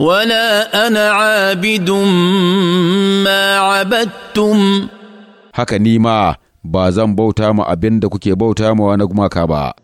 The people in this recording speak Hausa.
ولا أنا عابد ما haka ni ma ba zan bauta ma abin da kuke bauta ma wani gumaka ba.